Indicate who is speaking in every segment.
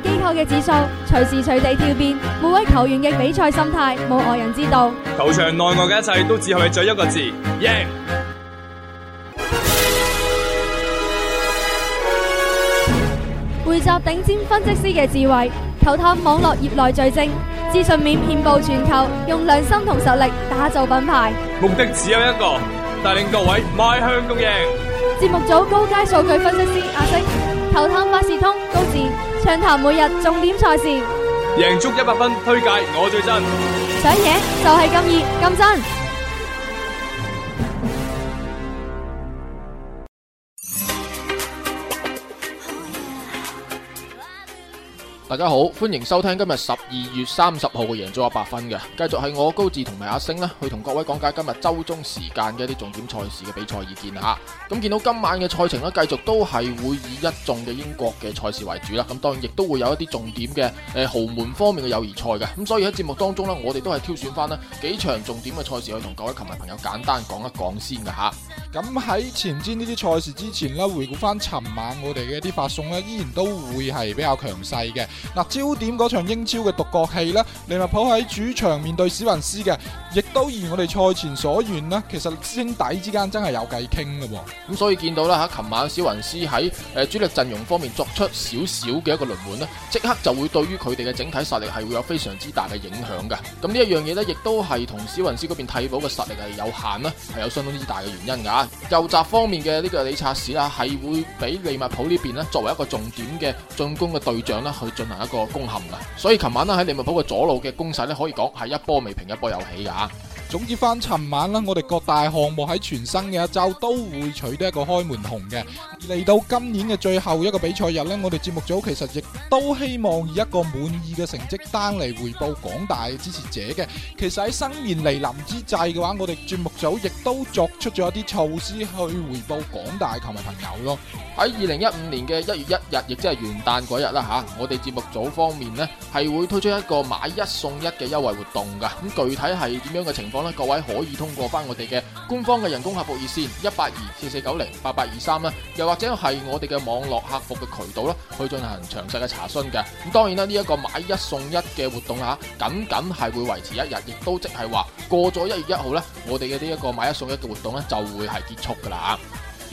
Speaker 1: 機構嘅指數隨時隨地跳變，每位球員嘅比賽心態冇外人知道。球場內外嘅一切都只係在一個字：贏。
Speaker 2: 匯集頂尖分析師嘅智慧，
Speaker 1: 球探網絡業內最精，資訊面遍佈全球，用良心同實力打造品牌。目的只有一個，帶領各位邁向共贏。節目組高階數據分析師阿星。球探百事通，高士暢談每日重點
Speaker 2: 賽事，贏足一百分，推介我最真，想贏就係咁易咁真。大家好，歡迎收聽今日十二月三十號嘅贏足一百分嘅，繼續係我高志同埋阿星啦，去同各位講解今日周中時間嘅一啲重點賽事嘅比賽意見吓。咁見到今晚嘅賽程呢，繼續都係會以一眾嘅英國嘅賽事為主啦。咁當然亦都會有一啲重點嘅誒、呃、豪門方面嘅友誼賽嘅。咁所以喺節目當中呢，我哋都係挑選翻啦幾場重點嘅賽事去同各位球迷朋友簡單講一講先嘅吓。咁喺前瞻呢啲賽事之
Speaker 1: 前呢，回顧翻尋晚我哋嘅一啲發送咧，依然都會係比較強勢嘅。嗱，焦點嗰場英超嘅獨角戲啦，利物浦喺主場面對史雲斯嘅，亦都如
Speaker 2: 我哋賽前所願啦。其實師兄弟之間真係有偈傾嘅，咁、嗯、所以見到啦吓，琴晚史雲斯喺誒、呃、主力陣容方面作出少少嘅一個輪換啦，即刻就會對於佢哋嘅整體實力係會有非常之大嘅影響嘅。咁呢一樣嘢咧，亦都係同史雲斯嗰邊替補嘅實力係有限啦，係有相當之大嘅原因噶。右閘方面嘅呢個理察士啊，係會俾利物浦呢邊咧作為一個重點嘅進攻嘅對象咧，去進行一個攻陷噶。所以琴晚啦喺利物浦嘅左路嘅攻勢咧，可以講係一波未平一波又起噶。總之翻尋晚啦，我哋各大項目喺全新嘅一周都會取得一個開門紅
Speaker 1: 嘅。嚟到今年嘅最後一個比賽日呢，我哋節目組其實亦都希望以一個滿意嘅成績單嚟回報廣大支持者嘅。其實喺新年嚟臨之際嘅話，我哋節目組亦都作出咗一啲措施去回報廣大球迷朋
Speaker 2: 友咯。喺二零一五年嘅一月一日，亦即係元旦嗰日啦吓，我哋節目組方面呢，係會推出一個買一送一嘅優惠活動噶。咁具體係點樣嘅情況？講各位可以通過翻我哋嘅官方嘅人工客服熱線一八二四四九零八八二三啦，又或者係我哋嘅網絡客服嘅渠道啦，去進行詳細嘅查詢嘅。咁當然啦，呢一個買一送一嘅活動吓，僅僅係會維持一日，亦都即係話，過咗一月一號咧，我哋嘅呢一個買一送一嘅活動咧就會係結束噶啦啊！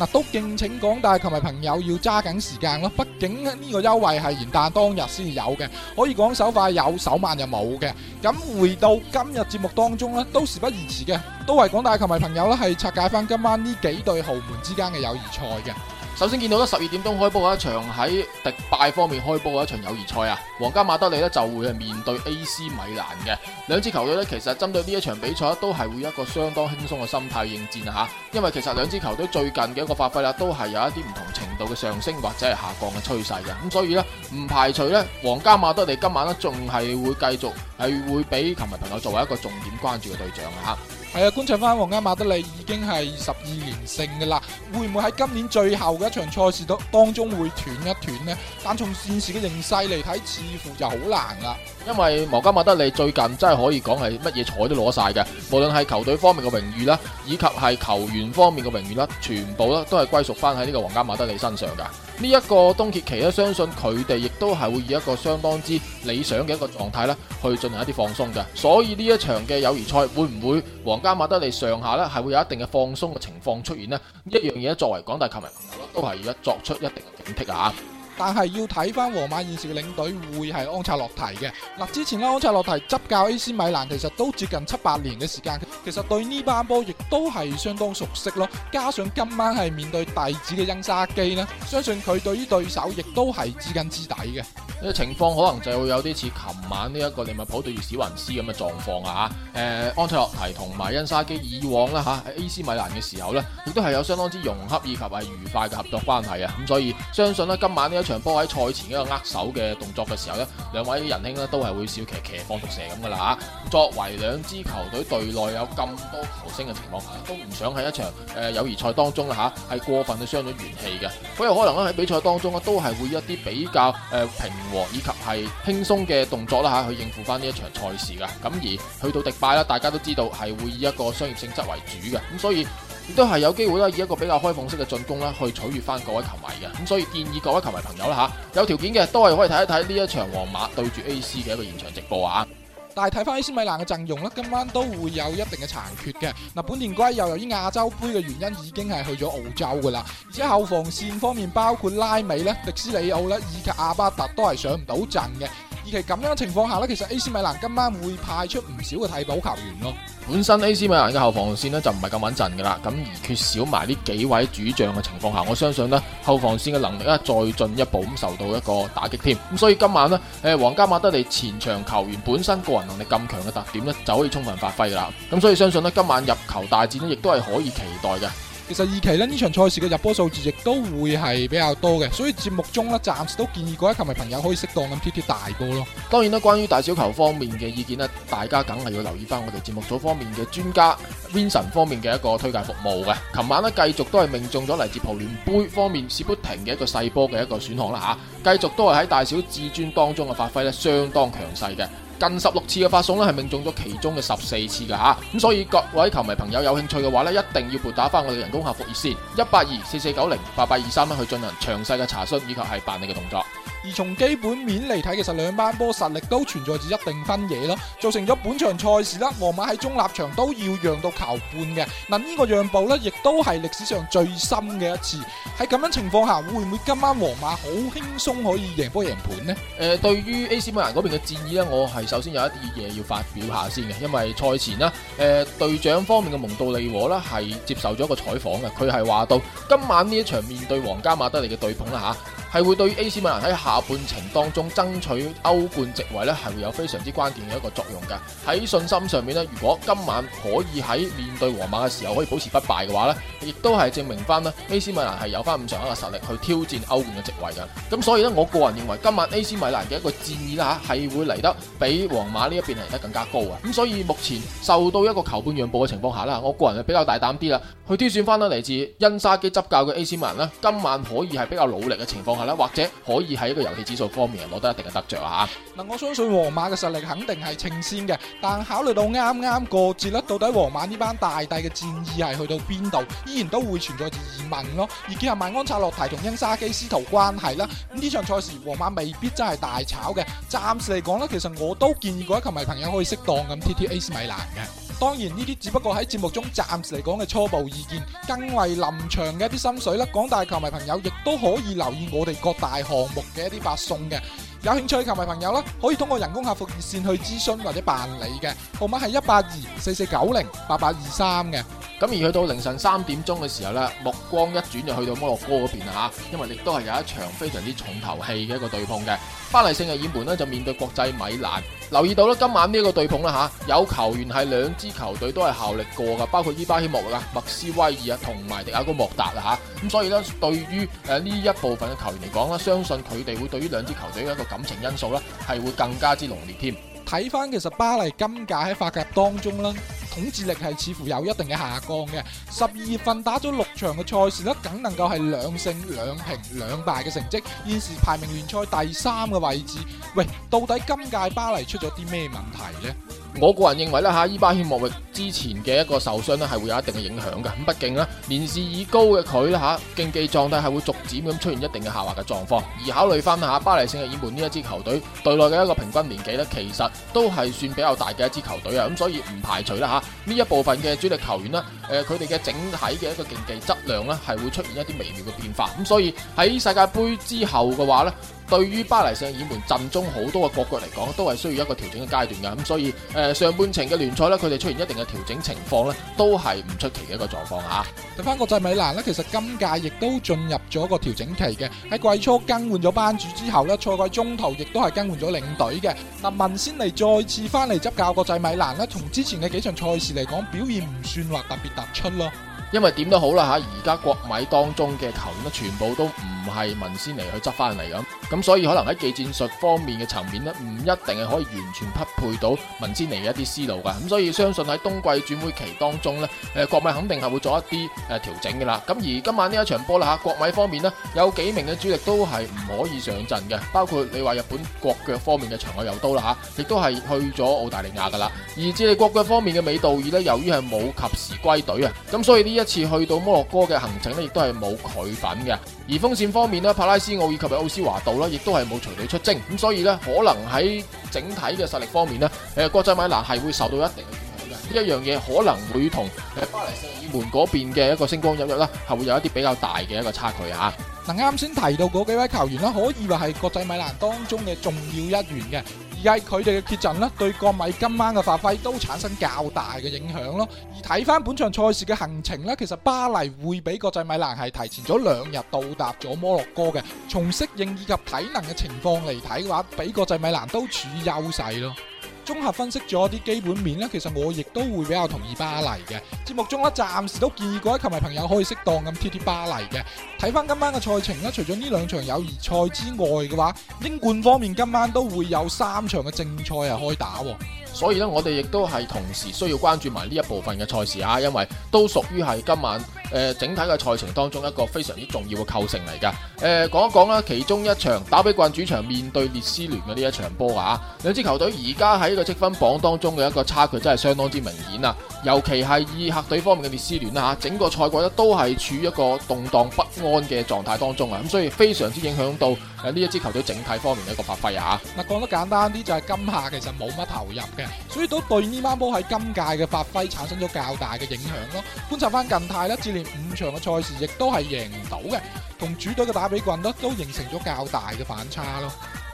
Speaker 1: 都敬請廣大球迷朋友要揸緊時間咯，畢竟呢個優惠係元旦當日先有嘅，可以講手快有，手慢又冇嘅。咁回到今日節目當中呢，都事不宜遲嘅，都為廣大球迷朋友呢，係拆解翻今晚呢幾對豪門之間嘅友誼
Speaker 2: 賽嘅。首先見到咧十二點鐘開波嘅一場喺迪拜方面開波嘅一場友誼賽啊，皇家馬德里咧就會係面對 A.C. 米蘭嘅兩支球隊咧，其實針對呢一場比賽都係會有一個相當輕鬆嘅心態應戰吓，因為其實兩支球隊最近嘅一個發揮啦，都係有一啲唔同程度嘅上升或者係下降嘅趨勢嘅，咁所以咧唔排除咧皇家馬德里今晚咧仲係會繼續係會俾球迷朋友作為一個重點關注嘅對象啊。
Speaker 1: 係啊，觀察翻皇家馬德里已經係十二連勝噶啦，會唔會喺今年最後嘅一場賽事都當中會斷一斷呢？但從現時嘅形勢嚟睇，似乎就好難啦。
Speaker 2: 因為皇家馬德里最近真係可以講係乜嘢彩都攞晒嘅，無論係球隊方面嘅榮譽啦，以及係球員方面嘅榮譽啦，全部啦都係歸屬翻喺呢個皇家馬德里身上噶。呢一個冬歇期咧，相信佢哋亦都係會以一個相當之理想嘅一個狀態咧，去進行一啲放鬆嘅。所以呢一場嘅友誼賽會唔會皇家馬德里上下咧係會有一定嘅放鬆嘅情況出現呢？呢一樣嘢作為廣大球迷都係要作出一定嘅警惕啊！
Speaker 1: 但係要睇翻皇馬現時嘅領隊會係安切洛提嘅嗱，之前咧安切洛提執教 AC 米蘭其實都接近七八年嘅時間，其實對呢班波亦都係相當熟悉咯。加上今晚係面對弟子嘅恩
Speaker 2: 沙基呢，相信佢對於對手亦都係知根知底嘅。呢個情況可能就會有啲似琴晚呢一個利物浦對住史雲斯咁嘅狀況啊。誒、呃，安切洛提同埋恩沙基以往啦、啊，吓喺 AC 米蘭嘅時候呢，亦都係有相當之融洽以及係愉快嘅合作關係啊。咁所以相信呢、啊，今晚呢一場波喺賽前一個握手嘅動作嘅時候呢，兩位人兄咧，都係會笑騎騎放毒蛇咁噶啦吓。作為兩支球隊隊內有咁多球星嘅情況，都唔想喺一場誒友誼賽當中啦吓，係過分去傷咗元氣嘅。咁有可能咧喺比賽當中咧，都係會一啲比較誒平和以及係輕鬆嘅動作啦吓，去應付翻呢一場賽事嘅。咁而去到迪拜啦，大家都知道係會以一個商業性質為主嘅，咁所以。亦都係有機會啦，以一個比較開放式嘅進攻啦，去取悅翻各位球迷嘅。咁所以建議各位球迷朋友啦吓，有條件嘅都係可以睇一睇呢一場皇馬對住 A C 嘅一個現場直播啊。
Speaker 1: 但係睇翻 A C 米蘭嘅陣容咧，今晚都會有一定嘅殘缺嘅。嗱，本田圭又由於亞洲杯嘅原因，已經係去咗澳洲噶啦。而且後防線方面，包括拉美咧、迪斯里奧啦以及阿巴特都係上唔到陣嘅。而其咁樣嘅情況下咧，其實 AC 米蘭今晚會派出唔少嘅替補球員
Speaker 2: 咯。本身 AC 米蘭嘅後防線呢，就唔係咁穩陣噶啦，咁而缺少埋呢幾位主將嘅情況下，我相信呢後防線嘅能力咧再進一步咁受到一個打擊添。咁所以今晚呢，誒皇家馬德里前場球員本身個人能力咁強嘅特點呢，就可以充分發揮噶啦。咁所以相信呢，今晚入球大戰呢，亦都係可以期待嘅。
Speaker 1: 其實二期呢場賽事嘅入波數字亦都會係比較多嘅，所以節目中呢，暫時都建議各位球迷朋友可以適當咁貼貼大波咯。
Speaker 2: 當然啦，關於大小球方面嘅意見呢，大家梗係要留意翻我哋節目組方面嘅專家 Vincent 方面嘅一個推介服務嘅。琴晚呢，繼續都係命中咗嚟自葡聯盃方面士砵亭嘅一個細波嘅一個選項啦吓，繼、啊、續都係喺大小至尊當中嘅發揮呢，相當強勢嘅。近十六次嘅發送咧，係命中咗其中嘅十四次嘅吓。咁所以各位球迷朋友有興趣嘅話咧，一定要撥打翻我哋人工客服熱線一八二四四九零八八二三啦，去進行詳細嘅查詢以及係辦理嘅動作。
Speaker 1: 而從基本面嚟睇，其實兩班波實力都存在住一定分野囉，造成咗本場賽事啦。皇馬喺中立場都要讓到球半嘅，嗱呢個讓步呢，亦都係歷史上最深嘅一次。喺咁樣情況下，會唔會今晚皇馬好輕鬆可以贏波贏盤
Speaker 2: 呢？誒、呃，對於 AC 米蘭嗰邊嘅建議呢，我係首先有一啲嘢要發表下先嘅，因為賽前啦，誒、呃、隊長方面嘅蒙道利和呢，係接受咗一個採訪嘅，佢係話到今晚呢一場面對皇家馬德里嘅對碰啦吓。啊係會對於 AC 米蘭喺下半程當中爭取歐冠席位咧，係會有非常之關鍵嘅一個作用嘅。喺信心上面咧，如果今晚可以喺面對皇馬嘅時候可以保持不敗嘅話咧，亦都係證明翻咧 AC 米蘭係有翻咁上強咁上下嘅實力去挑戰歐冠嘅席位嘅。咁所以咧，我個人認為今晚 AC 米蘭嘅一個戰意咧吓，係會嚟得比皇馬呢一邊嚟得更加高啊！咁所以目前受到一個球半讓步嘅情況下啦，我個人係比較大膽啲啦。佢挑選翻啦，嚟自恩沙基執教嘅 AC 米蘭啦，今晚可以係比較努力嘅情況下啦，或者可以喺一個遊戲指數方面攞得一定嘅得着啊！吓，
Speaker 1: 嗱，我相信皇馬嘅實力肯定係稱先嘅，但考慮到啱啱過節啦，到底皇馬呢班大帝嘅戰意係去到邊度，依然都會存在住疑問咯。而合萬安察洛提同恩沙基師徒關係啦，咁呢場賽事皇馬未必真係大炒嘅。暫時嚟講呢，其實我都建議各位球迷朋友可以適當咁貼貼 AC 米蘭嘅。當然呢啲只不過喺節目中暫時嚟講嘅初步意見，更為臨場嘅一啲心水啦。廣大球迷朋友亦都可以留意我哋各大項目嘅一啲發送嘅，有興趣嘅球迷朋友啦，可以通過人工客服熱線去諮詢或者辦理嘅，號碼係一八二四四九零八
Speaker 2: 八二三嘅。咁而去到凌晨三點鐘嘅時候咧，目光一轉，就去到摩洛哥嗰邊啦吓，因為亦都係有一場非常之重頭戲嘅一個對碰嘅。巴黎聖日耳門呢就面對國際米蘭。留意到啦，今晚呢個對碰啦吓，有球員係兩支球隊都係效力過噶，包括伊巴希莫啊、麥斯威爾啊同埋迪亞哥莫達啦吓。咁所以咧，對於誒呢一部分嘅球員嚟講呢，相信佢哋會對於兩支球隊嘅一個感情因素咧係會更加之濃烈添。睇翻其實巴黎今屆喺法甲當中。統治力係
Speaker 1: 似乎有一定嘅下降嘅，十二月份打咗六場嘅賽事呢，梗能夠係兩勝兩平兩敗嘅成績，現時排名聯賽第三嘅位置。喂，到底
Speaker 2: 今屆巴黎出咗啲咩問題呢？我個人認為咧吓，伊巴謙莫域之前嘅一個受傷呢係會有一定嘅影響嘅。咁畢竟呢年事已高嘅佢咧吓，競技狀態係會逐漸咁出現一定嘅下滑嘅狀況。而考慮翻吓，巴黎聖日耳曼呢一支球隊隊內嘅一個平均年紀呢，其實都係算比較大嘅一支球隊啊。咁所以唔排除啦吓，呢一部分嘅主力球員呢，誒、呃，佢哋嘅整體嘅一個競技質量呢係會出現一啲微妙嘅變化。咁、嗯、所以喺世界杯之後嘅話呢，對於巴黎聖日門陣中好多嘅國腳嚟講，都係需要一個調整嘅階段嘅，咁所以誒、呃、上半程嘅聯賽咧，佢哋出現一定嘅調整情況咧，都係唔出奇嘅一個狀況吓。
Speaker 1: 睇、啊、翻國際米蘭咧，其實今屆亦都進入咗一個調整期嘅，喺季初更換咗班主之後咧，賽季中途亦都係更換咗領隊嘅。嗱，文仙尼再次翻嚟執教國際米蘭咧，同之前嘅幾場賽事嚟講，表現
Speaker 2: 唔算話特別突出咯，因為點都好啦吓，而家國米當中嘅球員咧，全部都唔。唔係文仙尼去執翻嚟咁，咁所以可能喺技戰術方面嘅層面呢，唔一定係可以完全匹配到文仙尼嘅一啲思路噶。咁所以相信喺冬季轉會期當中呢，誒，國米肯定係會做一啲誒調整噶啦。咁而今晚呢一場波啦吓，國米方面呢，有幾名嘅主力都係唔可以上陣嘅，包括你話日本國腳方面嘅長友佑都啦吓，亦都係去咗澳大利亞噶啦。而智利國腳方面嘅美道爾呢，由於係冇及時歸隊啊，咁所以呢一次去到摩洛哥嘅行程呢，亦都係冇佢份嘅。而鋒線。方面呢，帕拉斯奧以及係奧斯華道呢，亦都係冇隨隊出征，咁所以呢，可能喺整體嘅實力方面呢，誒，國際米蘭係會受到一定嘅影響嘅。一樣嘢可能會同巴黎聖日門嗰邊嘅一個星光熠熠呢，係會有一啲比較大嘅一個差距啊！
Speaker 1: 嗱，啱先提到嗰幾位球員呢，可以話係國際米蘭當中嘅重要一員嘅。而佢哋嘅缺陣啦，的對國米今晚嘅發揮都產生較大嘅影響咯。而睇翻本場賽事嘅行程咧，其實巴黎會比國際米蘭係提前咗兩日到達咗摩洛哥嘅，從適應以及體能嘅情況嚟睇嘅話，比國際米蘭都處於優勢咯。綜合分析咗啲基本面呢，其實我亦都會比較同意巴黎嘅節目中呢，暫時都建議各位球迷朋友可以適當咁貼貼巴黎嘅。睇翻今晚嘅賽程呢，除咗呢兩場友誼賽之外嘅話，英冠，方面今晚都會有三場嘅正賽係
Speaker 2: 開打，所以呢，我哋亦都係同時需要關注埋呢一部分嘅賽事啊，因為都屬於係今晚。誒、呃，整體嘅賽程當中一個非常之重要嘅構成嚟噶。誒、呃，講一講啦，其中一場打比郡主場面對列斯聯嘅呢一場波啊，兩支球隊而家喺個積分榜當中嘅一個差距真係相當之明顯啊。尤其係意客隊方面嘅列斯聯啊，整個賽季咧都係處於一個動蕩不安嘅狀態當中啊，咁所以非常之影響到呢一，啊、支球隊整體方面嘅一個發揮啊。講講得簡單啲
Speaker 1: 就係，是，今夏其實冇乜投入嘅，所以都對呢班波喺今屆嘅發揮產生咗較大嘅影響咯。觀察翻近太五場嘅賽事亦都係贏唔到嘅，同
Speaker 2: 主隊嘅打比棍咧都形成咗較大嘅反差咯。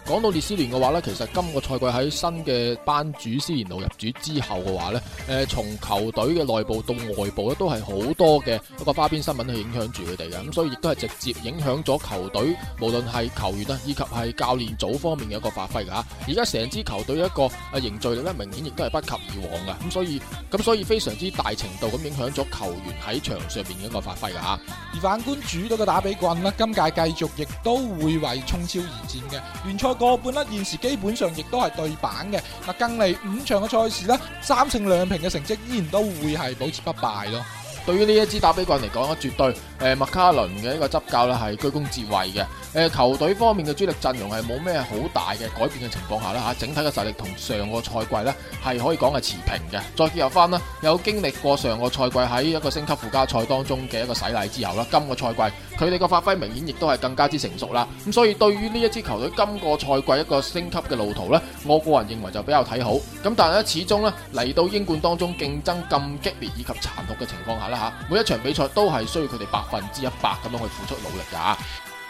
Speaker 2: 講到列斯聯嘅話呢，其實今個賽季喺新嘅班主斯連奴入主之後嘅話呢，誒、呃，從球隊嘅內部到外部咧，都係好多嘅一個花邊新聞去影響住佢哋嘅，咁所以亦都係直接影響咗球隊，無論係球員啊，以及係教練組方面嘅一個發揮噶吓。而家成支球隊嘅一個凝聚力咧，明顯亦都係不及以往噶，咁所以咁所以非常之大程度咁影響咗球員喺場上邊嘅一個發揮噶吓。而反觀主隊嘅打比棍呢，
Speaker 1: 今屆繼續亦都會為衝超而戰嘅，個半粒現時基本上亦都係對版嘅，嗱，近嚟五場嘅賽事咧，三勝兩平嘅成績依然都會係保
Speaker 2: 持不敗咯。對於呢一支打比郡嚟講，絕對。誒，麥卡倫嘅一個執教啦，係居功至偉嘅。誒，球隊方面嘅主力陣容係冇咩好大嘅改變嘅情況下啦，吓，整體嘅實力同上個賽季咧係可以講係持平嘅。再結合翻啦，有經歷過上個賽季喺一個升級附加賽當中嘅一個洗禮之後啦，今個賽季佢哋嘅發揮明顯亦都係更加之成熟啦。咁所以對於呢一支球隊今個賽季一個升級嘅路途咧，我個人認為就比較睇好。咁但係咧，始終咧嚟到英冠當中競爭咁激烈以及殘酷嘅情況下啦，吓，每一場比賽都係需要佢哋百。百分之一百咁樣去付出努力噶，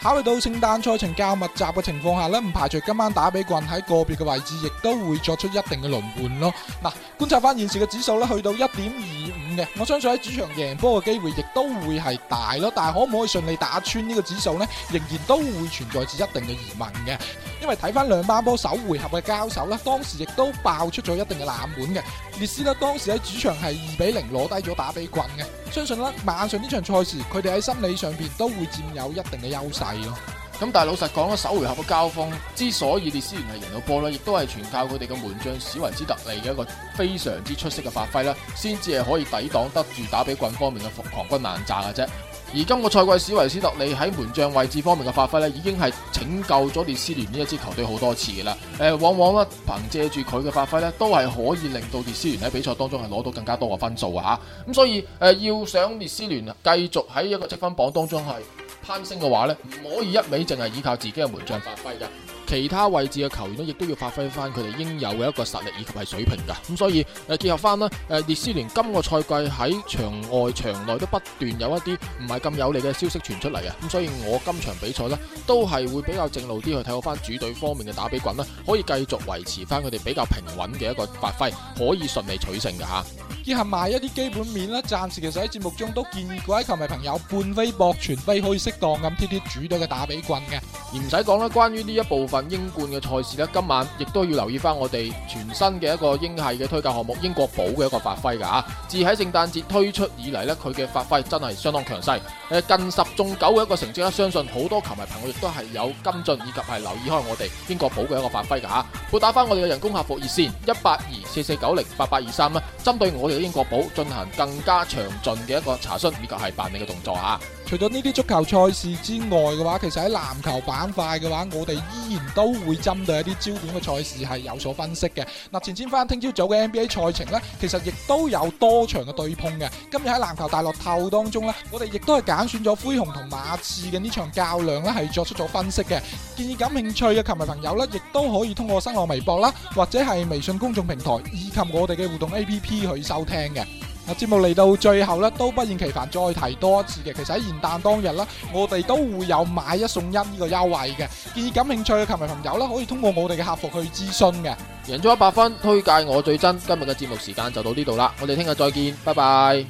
Speaker 2: 考慮到
Speaker 1: 聖誕賽程較密集嘅情況下咧，唔排除今晚打比郡，喺個別嘅位置亦都會作出一定嘅輪換咯。嗱，觀察翻現時嘅指數咧，去到一點二五。我相信喺主場贏波嘅機會亦都會係大咯，但係可唔可以順利打穿呢個指數呢？仍然都會存在住一定嘅疑問嘅。因為睇翻兩班波首回合嘅交手咧，當時亦都爆出咗一定嘅冷門嘅。列斯呢，當時喺主場係二比零攞低咗打比郡嘅，相信呢晚上呢場賽事佢哋喺心理上邊都會佔有一定嘅
Speaker 2: 優勢咯。咁但係老實講啦，首回合嘅交鋒之所以列斯聯係贏到波啦，亦都係全靠佢哋嘅門將史維斯特利嘅一個非常之出色嘅發揮啦，先至係可以抵擋得住打比郡方面嘅狂轟濫炸嘅啫。而今個賽季史維斯特利喺門將位置方面嘅發揮呢，已經係拯救咗列斯聯呢一支球隊好多次噶啦。誒，往往呢，憑借住佢嘅發揮呢，都係可以令到列斯聯喺比賽當中係攞到更加多嘅分數啊！咁所以誒、呃，要想列斯聯繼續喺一個積分榜當中係。攀升嘅話呢，唔可以一味淨係依靠自己嘅門將發揮噶，其他位置嘅球員呢，亦都要發揮翻佢哋應有嘅一個實力以及係水平噶。咁所以誒，結合翻啦，誒列斯聯今個賽季喺場外場內都不斷有一啲唔係咁有利嘅消息傳出嚟嘅。咁所以我今場比賽呢，都係會比較正路啲去睇好翻主隊方面嘅打比郡啦，可以繼續維持翻佢哋比較平穩嘅一個發揮，可以順利取勝噶吓。
Speaker 1: 結合埋一啲基本面啦，暫時其實喺節目中都建議各位球迷朋友半飛博全飛，可以適當咁貼貼主
Speaker 2: 隊嘅打比棍，嘅而唔使講啦。關於呢一部分英冠嘅賽事咧，今晚亦都要留意翻，我哋全新嘅一個英係嘅推介項目——英國寶嘅一個發揮噶吓。自喺聖誕節推出以嚟咧，佢嘅發揮真係相當強勢。誒近十中九嘅一個成績啦，相信好多球迷朋友亦都係有跟進以及係留意開我哋英國寶嘅一個發揮嘅嚇。撥打翻我哋嘅人工客服熱線一八二四四九零八八二三啦，23，針對我哋嘅英國寶進行更加詳盡嘅一個查詢以及係辦理嘅動作嚇。
Speaker 1: 除咗呢啲足球賽事之外嘅話，其實喺籃球板塊嘅話，我哋依然都會針對一啲焦點嘅賽事係有所分析嘅。嗱，前瞻翻聽朝早嘅 NBA 賽程呢，其實亦都有多場嘅對碰嘅。今日喺籃球大樂透當中呢，我哋亦都係揀選咗灰熊同馬刺嘅呢場較量呢係作出咗分析嘅。建議感興趣嘅球迷朋友呢，亦都可以通過新浪微博啦，或者係微信公眾平台，以及我哋嘅互動 A P P 去收聽嘅。節目嚟到最後咧，都不厭其煩再提多一次嘅。其實喺元旦當日啦，我哋都會有買一送一呢個優惠嘅。建議感興趣嘅球迷朋友呢，可以通過我哋嘅客服去諮詢嘅。
Speaker 2: 贏咗一百分，推介我最真。今日嘅節目時間就到呢度啦，我哋聽日再見，拜拜。